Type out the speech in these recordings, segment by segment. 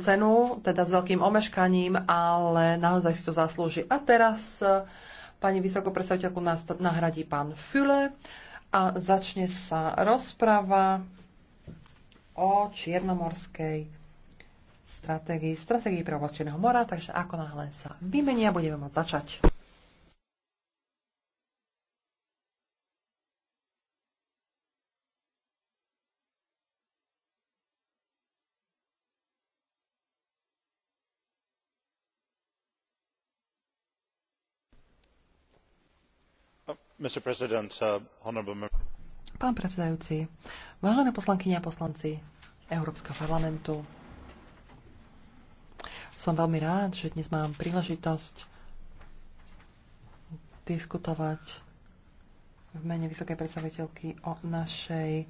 cenu, teda s veľkým omeškaním, ale naozaj si to zaslúži. A teraz e, pani vysokopredstaviteľku nahradí pán Füle a začne sa rozpráva o čiernomorskej stratégii, stratégii pre oblasť Čierneho mora, takže ako náhle sa vymenia, budeme môcť začať. Uh, Pán predsedajúci, vážené poslankyne a poslanci Európskeho parlamentu, som veľmi rád, že dnes mám príležitosť diskutovať v mene vysokej predstaviteľky o našej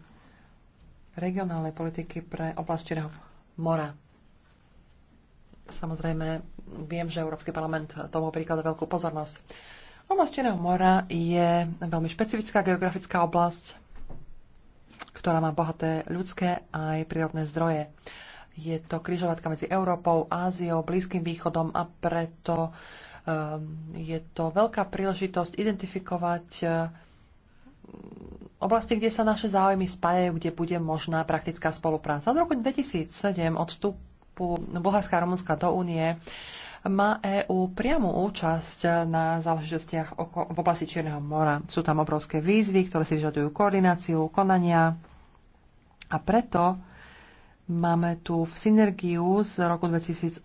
regionálnej politiky pre oblasť Čierneho mora. Samozrejme, viem, že Európsky parlament tomu príklada veľkú pozornosť. Oblasť Čierneho mora je veľmi špecifická geografická oblasť, ktorá má bohaté ľudské aj prírodné zdroje. Je to križovatka medzi Európou, Áziou, Blízkym východom a preto ehm, je to veľká príležitosť identifikovať ehm, oblasti, kde sa naše záujmy spájajú, kde bude možná praktická spolupráca. Z roku 2007 od vstupu Bulharska a Rumunska do únie má EÚ priamu účasť na záležitostiach v oblasti Čierneho mora. Sú tam obrovské výzvy, ktoré si vyžadujú koordináciu, konania a preto Máme tu v synergiu z roku 2008,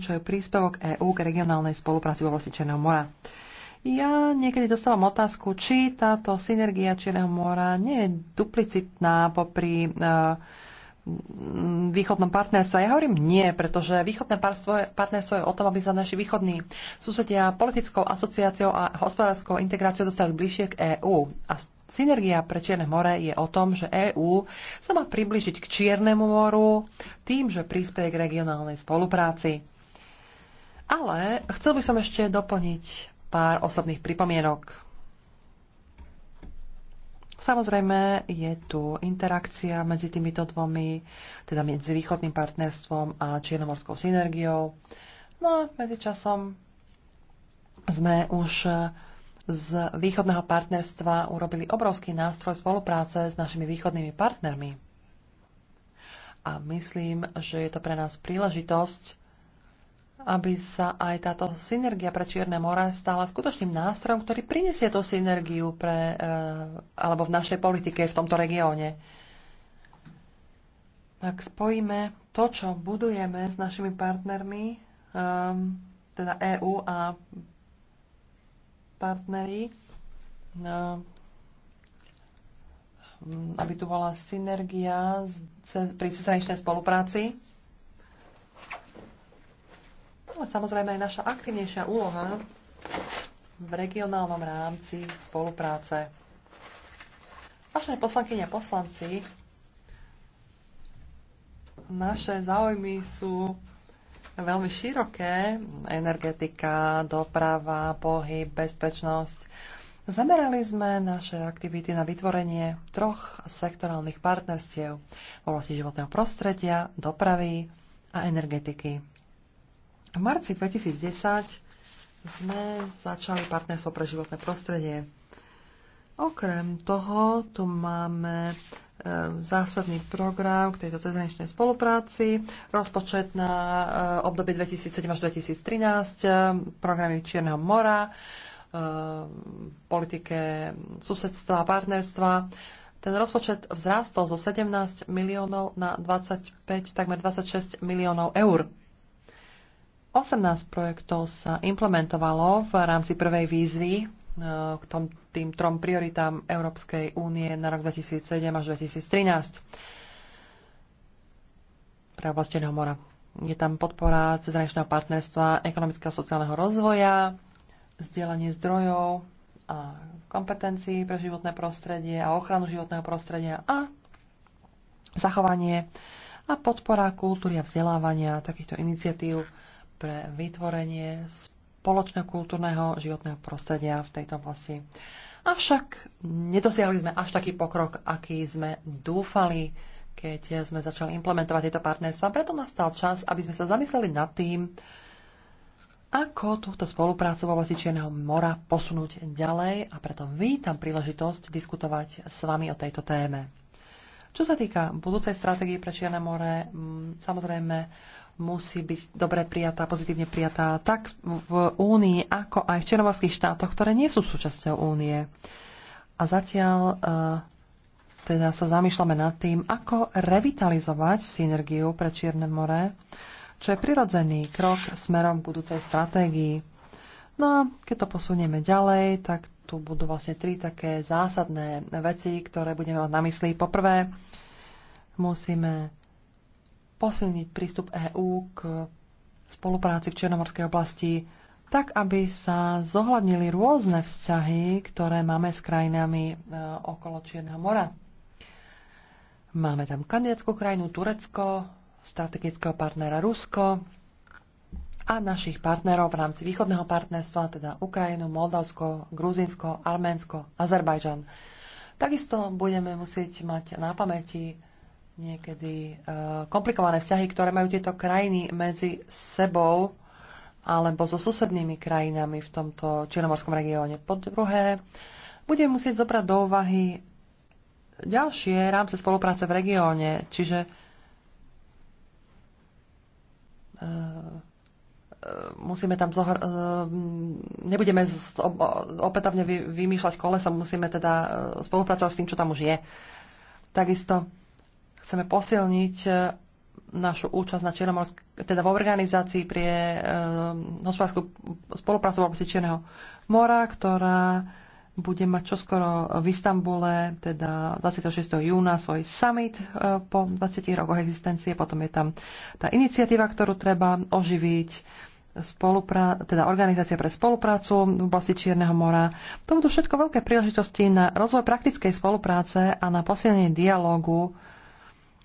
čo je príspevok EÚ k regionálnej spolupráci v oblasti Čierneho mora. Ja niekedy dostávam otázku, či táto synergia Čierneho mora nie je duplicitná popri uh, Mm, východnom partnerstve. Ja hovorím nie, pretože východné partnerstvo je o tom, aby sa naši východní susedia politickou asociáciou a hospodárskou integráciou dostali bližšie k EÚ. A synergia pre Čierne more je o tom, že EÚ sa má približiť k Čiernemu moru tým, že prispieje k regionálnej spolupráci. Ale chcel by som ešte doplniť pár osobných pripomienok. Samozrejme, je tu interakcia medzi týmito dvomi, teda medzi východným partnerstvom a čiernomorskou synergiou. No a medzičasom sme už z východného partnerstva urobili obrovský nástroj spolupráce s našimi východnými partnermi. A myslím, že je to pre nás príležitosť aby sa aj táto synergia pre Čierne more stala skutočným nástrojom, ktorý prinesie tú synergiu pre, eh, alebo v našej politike v tomto regióne. Tak spojíme to, čo budujeme s našimi partnermi, ehm, teda EÚ a partneri, ehm, aby tu bola synergia pri cezhraničnej spolupráci ale samozrejme aj naša aktivnejšia úloha v regionálnom rámci spolupráce. Vážené poslankyne a poslanci, naše záujmy sú veľmi široké. Energetika, doprava, pohyb, bezpečnosť. Zamerali sme naše aktivity na vytvorenie troch sektorálnych partnerstiev v oblasti životného prostredia, dopravy a energetiky. V marci 2010 sme začali partnerstvo pre životné prostredie. Okrem toho, tu máme e, zásadný program k tejto cezhraničnej spolupráci, rozpočet na e, obdobie 2007 až 2013, e, programy Čierneho mora, e, politike susedstva a partnerstva. Ten rozpočet vzrástol zo 17 miliónov na 25, takmer 26 miliónov eur. 18 projektov sa implementovalo v rámci prvej výzvy e, k tom, tým trom prioritám Európskej únie na rok 2007 až 2013 pre oblasti mora. Je tam podpora cezraničného partnerstva, ekonomického sociálneho rozvoja, zdieľanie zdrojov a kompetencií pre životné prostredie a ochranu životného prostredia a zachovanie a podpora kultúry a vzdelávania takýchto iniciatív pre vytvorenie spoločného kultúrneho životného prostredia v tejto oblasti. Avšak nedosiahli sme až taký pokrok, aký sme dúfali, keď sme začali implementovať tieto partnerstva. Preto nastal čas, aby sme sa zamysleli nad tým, ako túto spoluprácu v oblasti Čierneho mora posunúť ďalej a preto vítam príležitosť diskutovať s vami o tejto téme. Čo sa týka budúcej stratégie pre Čierne more, samozrejme musí byť dobre prijatá, pozitívne prijatá tak v Únii, ako aj v černovalských štátoch, ktoré nie sú súčasťou Únie. A zatiaľ eh, teda sa zamýšľame nad tým, ako revitalizovať synergiu pre Čierne more, čo je prirodzený krok smerom k budúcej stratégii. No a keď to posunieme ďalej, tak tu budú vlastne tri také zásadné veci, ktoré budeme mať na mysli. Poprvé, musíme posilniť prístup EÚ k spolupráci v Černomorskej oblasti tak, aby sa zohľadnili rôzne vzťahy, ktoré máme s krajinami e, okolo Čierneho mora. Máme tam kandidátskú krajinu Turecko, strategického partnera Rusko a našich partnerov v rámci východného partnerstva, teda Ukrajinu, Moldavsko, Gruzinsko, Arménsko, Azerbajžan. Takisto budeme musieť mať na pamäti niekedy e, komplikované vzťahy, ktoré majú tieto krajiny medzi sebou alebo so susednými krajinami v tomto Čiernomorskom regióne. Po druhé, budem musieť zobrať do úvahy ďalšie rámce spolupráce v regióne, čiže e, e, musíme tam zohr- nebudeme opätovne vymýšľať kolesa, musíme teda spolupracovať s tým, čo tam už je. Takisto Chceme posilniť e, našu účasť na teda v organizácii pre e, e hospodárskú spoluprácu v oblasti Čierneho mora, ktorá bude mať čoskoro v Istambule, teda 26. júna, svoj summit e, po 20 rokoch existencie. Potom je tam tá iniciatíva, ktorú treba oživiť, teda Organizácia pre spoluprácu v oblasti Čierneho mora. To budú všetko veľké príležitosti na rozvoj praktickej spolupráce a na posilnenie dialógu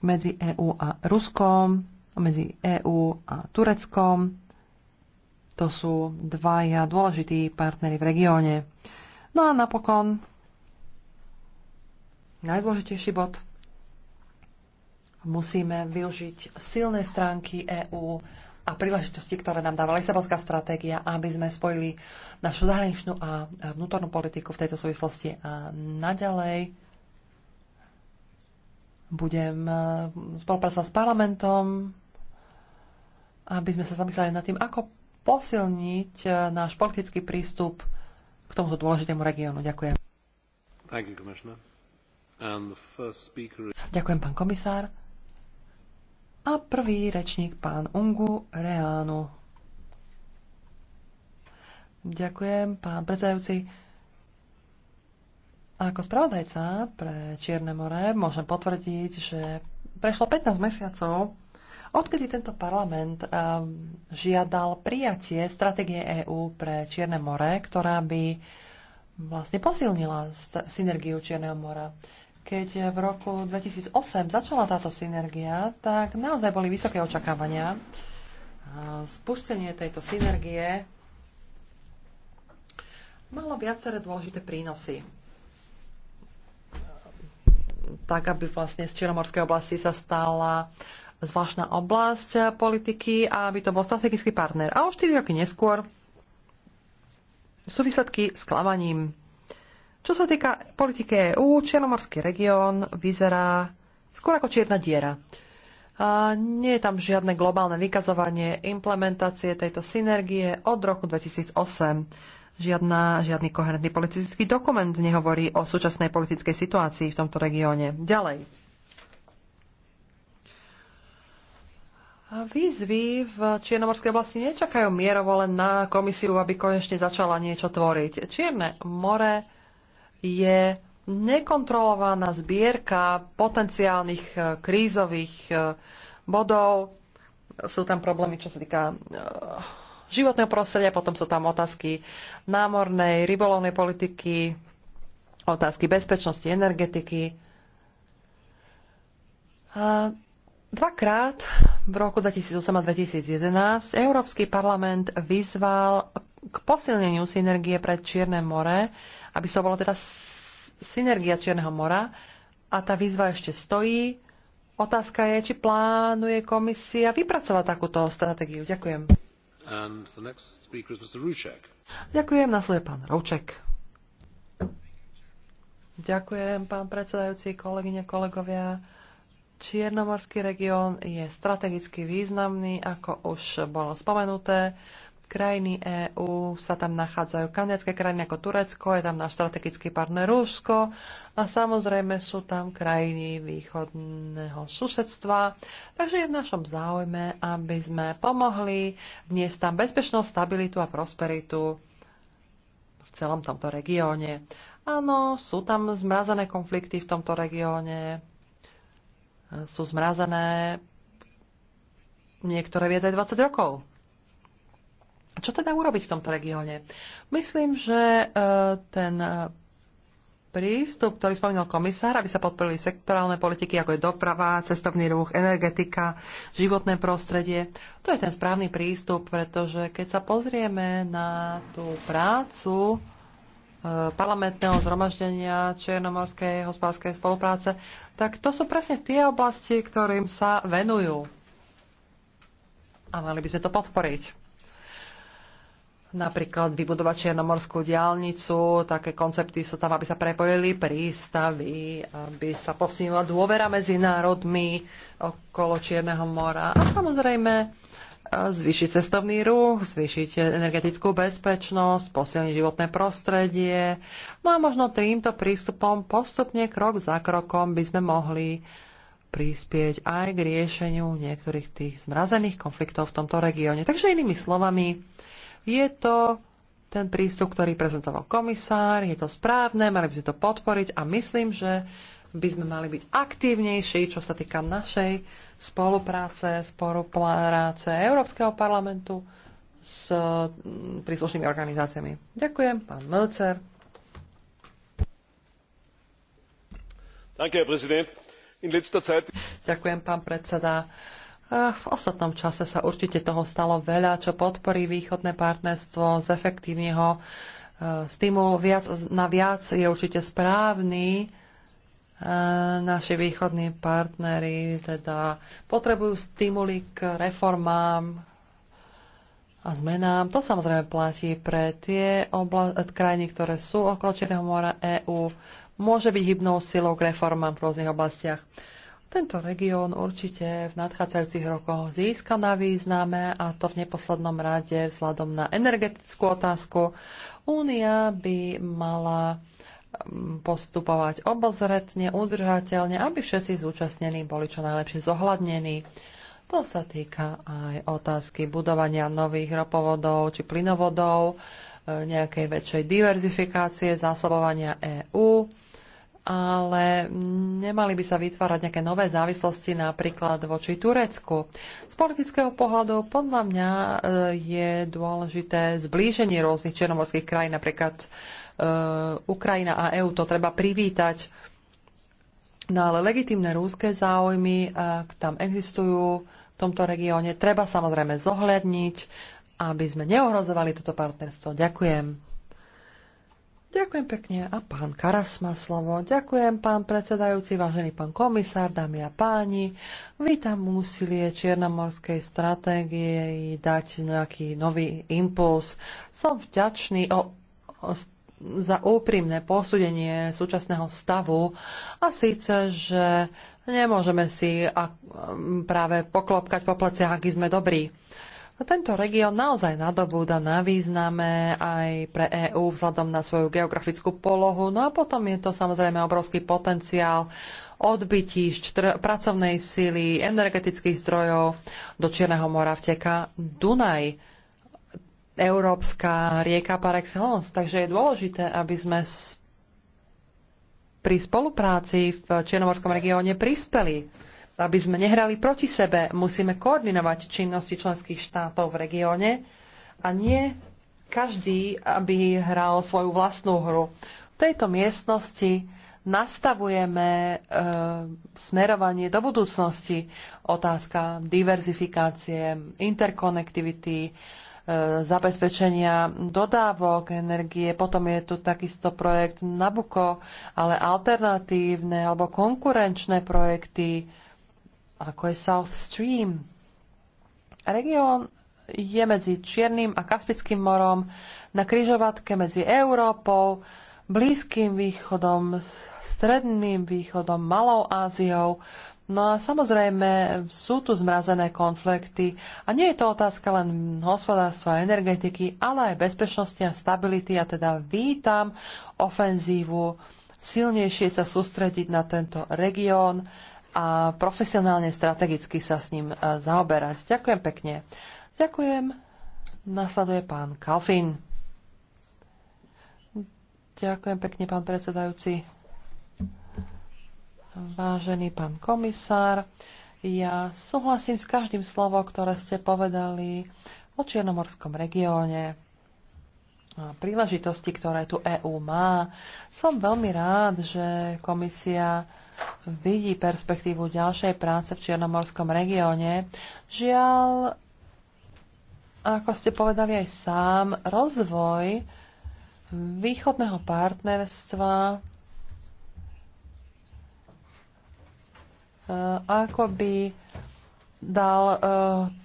medzi EÚ a Ruskom, medzi EÚ a Tureckom. To sú dvaja dôležití partnery v regióne. No a napokon najdôležitejší bod. Musíme využiť silné stránky EÚ a príležitosti, ktoré nám dáva Lisabonská stratégia, aby sme spojili našu zahraničnú a vnútornú politiku v tejto súvislosti. A naďalej budem eh, spolupracovať s parlamentom, aby sme sa zamysleli nad tým, ako posilniť eh, náš politický prístup k tomuto dôležitému regiónu. Ďakujem. You, speaker... Ďakujem, pán komisár. A prvý rečník, pán Ungu Reánu. Ďakujem, pán predsedajúci. A ako spravodajca pre Čierne more môžem potvrdiť, že prešlo 15 mesiacov, odkedy tento parlament um, žiadal prijatie stratégie EÚ pre Čierne more, ktorá by vlastne posilnila synergiu Čierneho mora. Keď v roku 2008 začala táto synergia, tak naozaj boli vysoké očakávania. Spustenie tejto synergie malo viaceré dôležité prínosy tak, aby vlastne z Čieromorskej oblasti sa stala zvláštna oblasť politiky a aby to bol strategický partner. A o 4 roky neskôr sú výsledky s klamaním. Čo sa týka politiky EÚ, Čiernomorský región vyzerá skôr ako čierna diera. A nie je tam žiadne globálne vykazovanie implementácie tejto synergie od roku 2008. Žiadna, žiadny koherentný politický dokument nehovorí o súčasnej politickej situácii v tomto regióne. Ďalej. Výzvy v Čiernomorskej oblasti nečakajú mierovo len na komisiu, aby konečne začala niečo tvoriť. Čierne more je nekontrolovaná zbierka potenciálnych eh, krízových eh, bodov. Sú tam problémy, čo sa týka eh, životného prostredia, potom sú tam otázky námornej, rybolovnej politiky, otázky bezpečnosti, energetiky. A dvakrát v roku 2008 a 2011 Európsky parlament vyzval k posilneniu synergie pre Čierne more, aby sa so bola teda synergia Čierneho mora a tá výzva ešte stojí. Otázka je, či plánuje komisia vypracovať takúto stratégiu. Ďakujem. Ďakujem, nasleduje pán Rouček. Ďakujem, pán predsedajúci, kolegyne, kolegovia. Čiernomorský región je strategicky významný, ako už bolo spomenuté krajiny EÚ sa tam nachádzajú kandidátske krajiny ako Turecko, je tam náš strategický partner Rusko a samozrejme sú tam krajiny východného susedstva. Takže je v našom záujme, aby sme pomohli vniesť tam bezpečnosť, stabilitu a prosperitu v celom tomto regióne. Áno, sú tam zmrazené konflikty v tomto regióne, sú zmrazené niektoré viac aj 20 rokov. Čo teda urobiť v tomto regióne? Myslím, že e, ten prístup, ktorý spomínal komisár, aby sa podporili sektorálne politiky, ako je doprava, cestovný ruch, energetika, životné prostredie. To je ten správny prístup, pretože keď sa pozrieme na tú prácu e, parlamentného zhromaždenia Černomorskej hospodárskej spolupráce, tak to sú presne tie oblasti, ktorým sa venujú. A mali by sme to podporiť napríklad vybudovať čiernomorskú diálnicu, také koncepty sú tam, aby sa prepojili prístavy, aby sa posunula dôvera medzi národmi okolo Čierneho mora a samozrejme e, zvýšiť cestovný ruch, zvýšiť energetickú bezpečnosť, posilniť životné prostredie. No a možno týmto prístupom postupne krok za krokom by sme mohli prispieť aj k riešeniu niektorých tých zmrazených konfliktov v tomto regióne. Takže inými slovami, je to ten prístup, ktorý prezentoval komisár, je to správne, mali by sme to podporiť a myslím, že by sme mali byť aktívnejší, čo sa týka našej spolupráce, spolupráce Európskeho parlamentu s mm, príslušnými organizáciami. Ďakujem, pán Mölcer. Ďakujem, pán predseda. Eh, v ostatnom čase sa určite toho stalo veľa, čo podporí východné partnerstvo, zefektívne ho. Eh, stimul viac, na viac je určite správny. Eh, naši východní partnery teda potrebujú stimuly k reformám a zmenám. To samozrejme platí pre tie obla- krajiny, ktoré sú okolo Čierneho mora EÚ. Môže byť hybnou silou k reformám v rôznych oblastiach. Tento región určite v nadchádzajúcich rokoch získa na význame a to v neposlednom rade vzhľadom na energetickú otázku. Únia by mala mm, postupovať obozretne, udržateľne, aby všetci zúčastnení boli čo najlepšie zohľadnení. To sa týka aj otázky budovania nových ropovodov či plynovodov, e, nejakej väčšej diverzifikácie zásobovania EÚ ale nemali by sa vytvárať nejaké nové závislosti napríklad voči Turecku. Z politického pohľadu podľa mňa e, je dôležité zblíženie rôznych černomorských krajín, napríklad e, Ukrajina a EÚ, to treba privítať. No ale legitimné rúské záujmy ak e, tam existujú v tomto regióne. Treba samozrejme zohľadniť, aby sme neohrozovali toto partnerstvo. Ďakujem. Ďakujem pekne. A pán Karas má slovo. Ďakujem, pán predsedajúci, vážený pán komisár, dámy a páni. Vítam úsilie Čiernomorskej stratégie dať nejaký nový impuls. Som vďačný o, o, za úprimné posúdenie súčasného stavu a síce, že nemôžeme si práve poklopkať po pleciach, aký sme dobrí. Tento región naozaj nadobúda na význame aj pre EÚ vzhľadom na svoju geografickú polohu. No a potom je to samozrejme obrovský potenciál odbytíšť, tr- pracovnej síly, energetických zdrojov. Do Čierneho mora vteka Dunaj, európska rieka par excellence. Takže je dôležité, aby sme pri spolupráci v Čiernomorskom regióne prispeli aby sme nehrali proti sebe. Musíme koordinovať činnosti členských štátov v regióne a nie každý, aby hral svoju vlastnú hru. V tejto miestnosti nastavujeme e, smerovanie do budúcnosti. Otázka diverzifikácie, interkonektivity, e, zabezpečenia dodávok energie. Potom je tu takisto projekt Nabuko, ale alternatívne alebo konkurenčné projekty ako je South Stream. Región je medzi Čiernym a Kaspickým morom, na kryžovatke medzi Európou, Blízkým východom, Stredným východom, Malou Áziou. No a samozrejme sú tu zmrazené konflikty a nie je to otázka len hospodárstva a energetiky, ale aj bezpečnosti a stability. a teda vítam ofenzívu silnejšie sa sústrediť na tento región a profesionálne, strategicky sa s ním e, zaoberať. Ďakujem pekne. Ďakujem. Nasleduje pán Kalfin. Ďakujem pekne, pán predsedajúci. Vážený pán komisár, ja súhlasím s každým slovom, ktoré ste povedali o Čiernomorskom regióne a príležitosti, ktoré tu EÚ má. Som veľmi rád, že komisia vidí perspektívu ďalšej práce v Čiernomorskom regióne. Žiaľ, ako ste povedali aj sám, rozvoj východného partnerstva eh, ako by dal eh,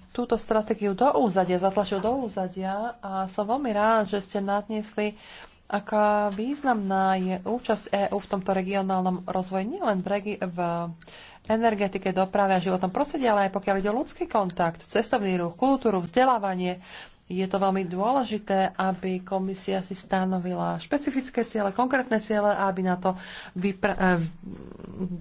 túto stratégiu do úzadia, zatlačil do úzadia a som veľmi rád, že ste nadniesli Aká významná je účasť EÚ v tomto regionálnom rozvoji nielen v, regi- v energetike, doprave a životnom prostredí, ale aj pokiaľ ide o ľudský kontakt, cestovný ruch, kultúru, vzdelávanie. Je to veľmi dôležité, aby komisia si stanovila špecifické ciele, konkrétne ciele a aby na to e,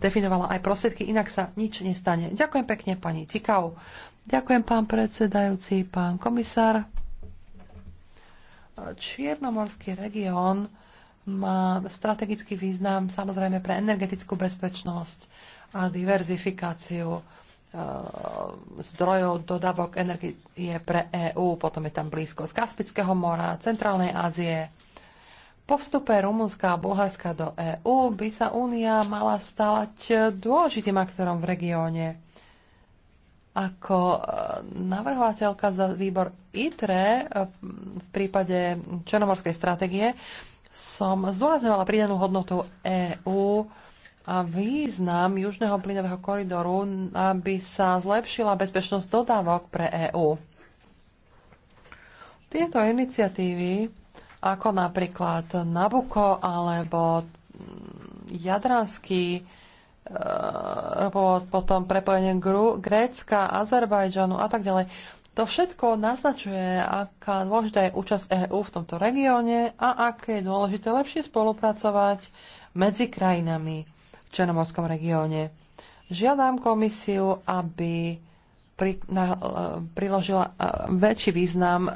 definovala aj prostriedky, inak sa nič nestane. Ďakujem pekne pani Cikau. Ďakujem pán predsedajúci, pán komisár. Čiernomorský región má strategický význam samozrejme pre energetickú bezpečnosť a diverzifikáciu eh, zdrojov dodavok energie pre EÚ, potom je tam blízko z Kaspického mora, Centrálnej Ázie. Po vstupe Rumunska a Bulharska do EÚ by sa Únia mala stalať dôležitým aktorom v regióne. Ako e, navrhovateľka za výbor ITRE e, v prípade Černomorskej stratégie som zdôrazňovala pridanú hodnotu EÚ a význam južného plynového koridoru, aby sa zlepšila bezpečnosť dodávok pre EÚ. Tieto iniciatívy, ako napríklad Nabuko alebo Jadranský E, potom prepojenie Grécka, Azerbajdžanu a tak ďalej. To všetko naznačuje, aká dôležitá je účasť EÚ v tomto regióne a aké je dôležité lepšie spolupracovať medzi krajinami v Černomorskom regióne. Žiadam komisiu, aby pri, na, e, priložila e, väčší význam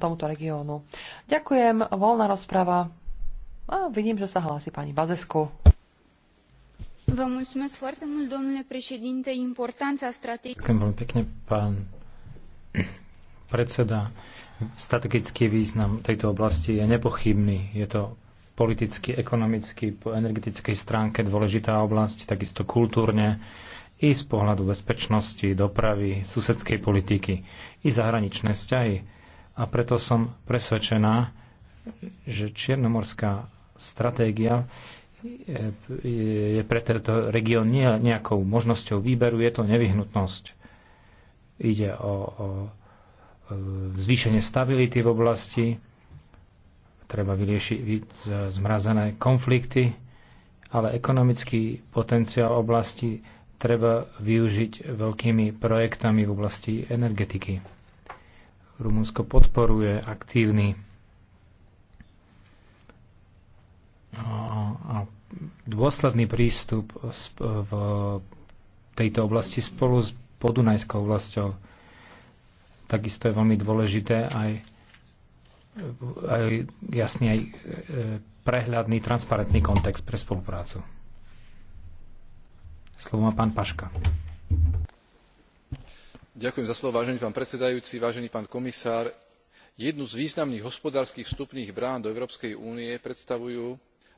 tomuto regiónu. Ďakujem, voľná rozprava. A vidím, že sa hlási pani Bazesku. Ďakujem veľmi pekne, pán predseda. Strategický význam tejto oblasti je nepochybný. Je to politicky, ekonomicky, po energetickej stránke dôležitá oblasť, takisto kultúrne i z pohľadu bezpečnosti, dopravy, susedskej politiky i zahraničné vzťahy. A preto som presvedčená, že Čiernomorská stratégia je pre tento teda región nie nejakou možnosťou výberu, je to nevyhnutnosť. Ide o, o e, zvýšenie stability v oblasti, treba vyriešiť zmrazené konflikty, ale ekonomický potenciál oblasti treba využiť veľkými projektami v oblasti energetiky. Rumunsko podporuje aktívny dôsledný prístup v tejto oblasti spolu s podunajskou oblasťou. Takisto je veľmi dôležité aj, aj jasný aj e, prehľadný, transparentný kontext pre spoluprácu. Slovo má pán Paška. Ďakujem za slovo, vážený pán predsedajúci, vážený pán komisár. Jednu z významných hospodárskych vstupných brán do Európskej únie predstavujú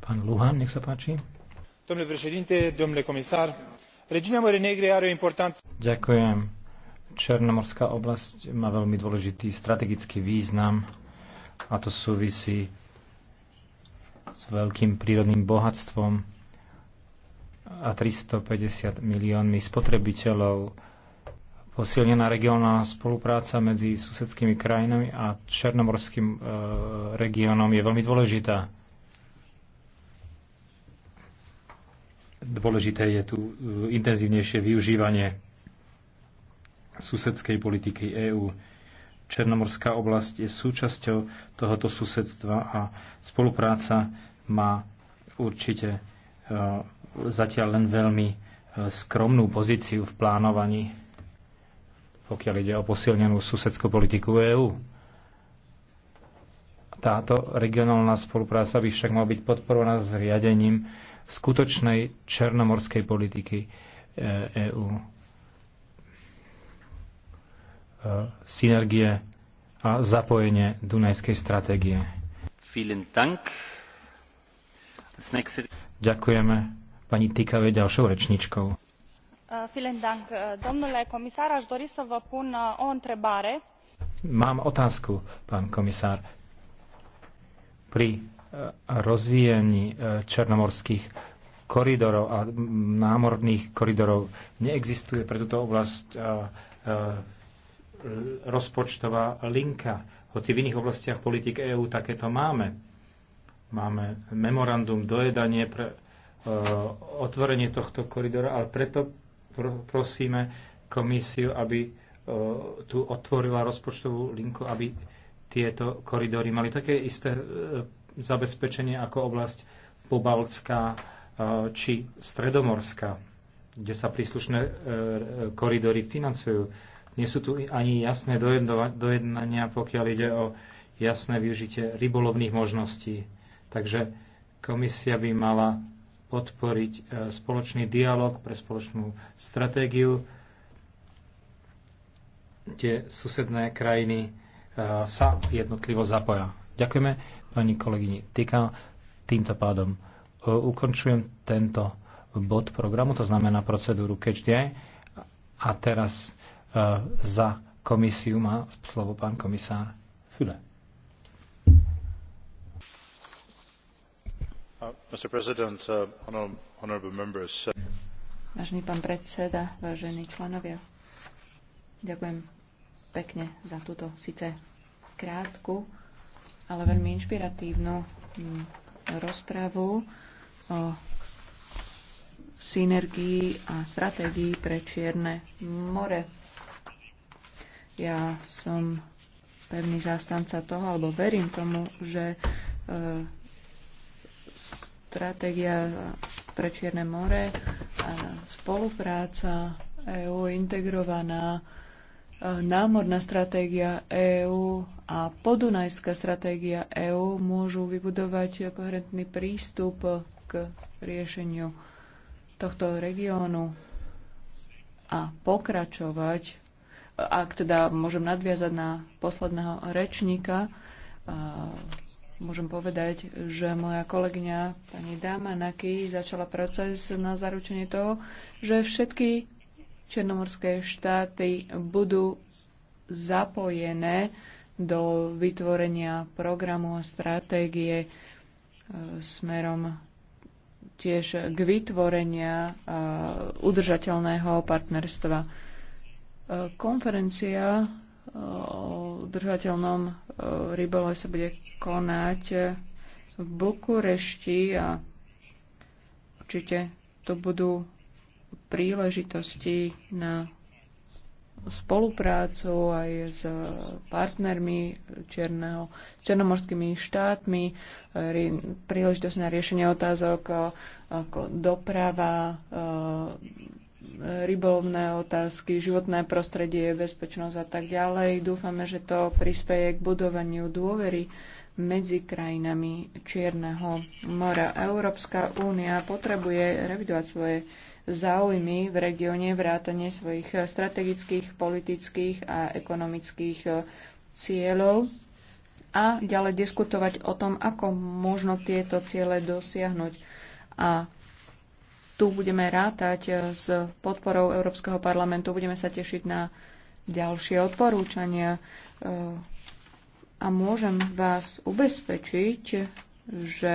Pán Luhan, nech sa páči. Domnule președinte, domnule comisar, regiunea Mării Negre are o importanță. Ďakujem. Černomorská oblasť má veľmi dôležitý strategický význam a to súvisí s veľkým prírodným bohatstvom a 350 miliónmi spotrebiteľov posilnená regionálna spolupráca medzi susedskými krajinami a černomorským e, regiónom je veľmi dôležitá. Dôležité je tu e, intenzívnejšie využívanie susedskej politiky EÚ. Černomorská oblasť je súčasťou tohoto susedstva a spolupráca má určite e, zatiaľ len veľmi e, skromnú pozíciu v plánovaní pokiaľ ide o posilnenú susedskú politiku EÚ. Táto regionálna spolupráca by však mala byť podporovaná zriadením skutočnej černomorskej politiky EÚ. E e, synergie a zapojenie Dunajskej stratégie. Ďakujeme pani Tikave ďalšou rečničkou. Uh, uh, dori să vă pun uh, o întrebare. Mám otázku, pán komisár. Pri rozvíjaní černomorských koridorov a mm, námorných koridorov neexistuje pre túto oblasť rozpočtová linka. Hoci v iných oblastiach politik EÚ takéto máme. Máme memorandum dojedanie pre otvorenie tohto koridora, ale preto prosíme komisiu, aby e, tu otvorila rozpočtovú linku, aby tieto koridory mali také isté e, zabezpečenie ako oblasť Pobalská e, či Stredomorská, kde sa príslušné koridory financujú. Nie sú tu ani jasné dojednania, pokiaľ ide o jasné využitie rybolovných možností. Takže komisia by mala podporiť e, spoločný dialog pre spoločnú stratégiu, kde susedné krajiny e, sa jednotlivo zapoja. Ďakujeme pani kolegyni Tika. Týmto pádom e, ukončujem tento bod programu, to znamená procedúru KHD. A teraz za komisiu má slovo pán komisár Füle. Uh, uh, uh, Vážený pán predseda, vážení členovia, ďakujem pekne za túto síce krátku, ale veľmi inšpiratívnu mm, rozpravu o synergii a stratégii pre Čierne more. Ja som pevný zástanca toho, alebo verím tomu, že stratégia pre Čierne more, spolupráca EÚ integrovaná, e, námorná stratégia EÚ a podunajská stratégia EÚ môžu vybudovať koherentný prístup k riešeniu tohto regiónu a pokračovať, ak teda môžem nadviazať na posledného rečníka, môžem povedať, že moja kolegyňa pani Dáma Naky, začala proces na zaručenie toho, že všetky černomorské štáty budú zapojené do vytvorenia programu a stratégie e, smerom tiež k vytvorenia e, udržateľného partnerstva. E, konferencia o udržateľnom e, rybole sa bude konať e, v Bukurešti a určite to budú príležitosti na spoluprácu aj s partnermi s černomorskými štátmi, príležitosť na riešenie otázok e, ako doprava, rybolovné otázky, životné prostredie, bezpečnosť a tak ďalej. Dúfame, že to prispieje k budovaniu dôvery medzi krajinami Čierneho mora. Európska únia potrebuje revidovať svoje záujmy v regióne, vrátanie svojich strategických, politických a ekonomických eh, cieľov a ďalej diskutovať o tom, ako možno tieto ciele dosiahnuť. A tu budeme rátať e, s podporou Európskeho parlamentu. Budeme sa tešiť na ďalšie odporúčania e, a môžem vás ubezpečiť, že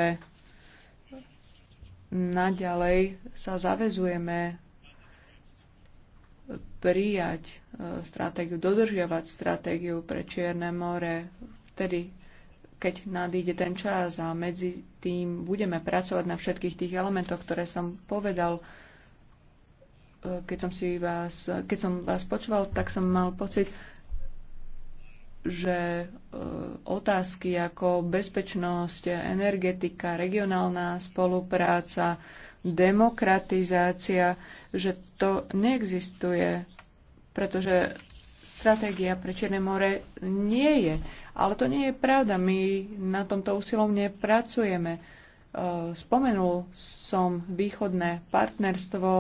naďalej sa zavezujeme prijať e, stratégiu, dodržiavať stratégiu pre Čierne more vtedy, keď nadíde ten čas a medzi tým budeme pracovať na všetkých tých elementoch, ktoré som povedal, e, keď som, si vás, keď som vás počúval, tak som mal pocit, že e, otázky ako bezpečnosť, energetika, regionálna spolupráca, demokratizácia, že to neexistuje, pretože stratégia pre Čierne more nie je. Ale to nie je pravda. My na tomto usilovne pracujeme. E, spomenul som východné partnerstvo,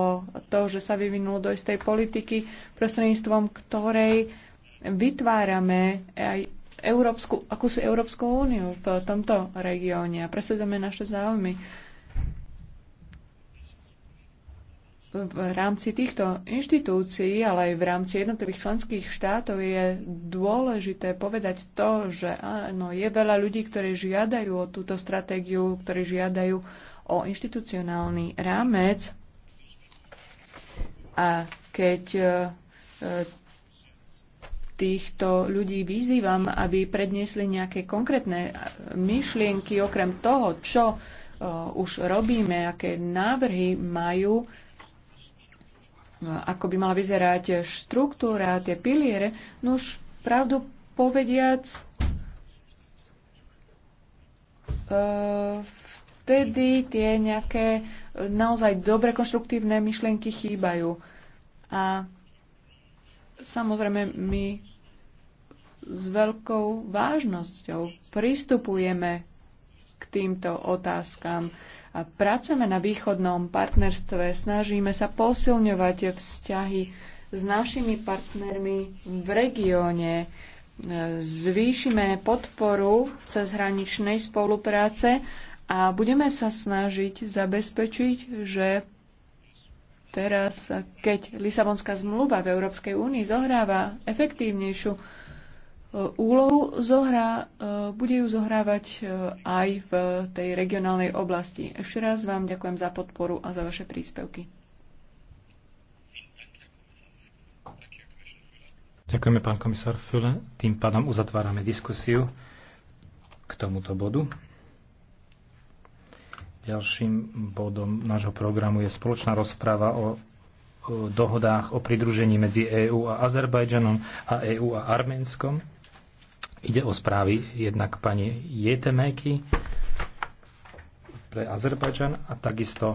to, že sa vyvinulo do istej politiky, prostredníctvom ktorej vytvárame aj Európsku, akúsi Európsku úniu v tomto regióne a presadzujeme naše záujmy. v rámci týchto inštitúcií, ale aj v rámci jednotlivých členských štátov je dôležité povedať to, že áno, je veľa ľudí, ktorí žiadajú o túto stratégiu, ktorí žiadajú o inštitucionálny rámec. A keď e, týchto ľudí vyzývam, aby predniesli nejaké konkrétne myšlienky okrem toho, čo e, už robíme, aké návrhy majú, ako by mala vyzerať štruktúra, tie piliere. No už pravdu povediac, e, vtedy tie nejaké e, naozaj dobre konštruktívne myšlienky chýbajú. A samozrejme my s veľkou vážnosťou pristupujeme k týmto otázkam. A pracujeme na východnom partnerstve, snažíme sa posilňovať vzťahy s našimi partnermi v regióne. E, zvýšime podporu cezhraničnej spolupráce a budeme sa snažiť zabezpečiť, že teraz, keď Lisabonská zmluva v Európskej únii zohráva efektívnejšiu E, úlohu zohrá, e, bude ju zohrávať e, aj v tej regionálnej oblasti. Ešte raz vám ďakujem za podporu a za vaše príspevky. Ďakujeme, pán komisár Füle. Tým pádom uzatvárame diskusiu k tomuto bodu. Ďalším bodom nášho programu je spoločná rozpráva o dohodách o pridružení medzi EÚ a Azerbajdžanom a EÚ a Arménskom. Ide o správy jednak pani Jetemeky pre Azerbajdžan a takisto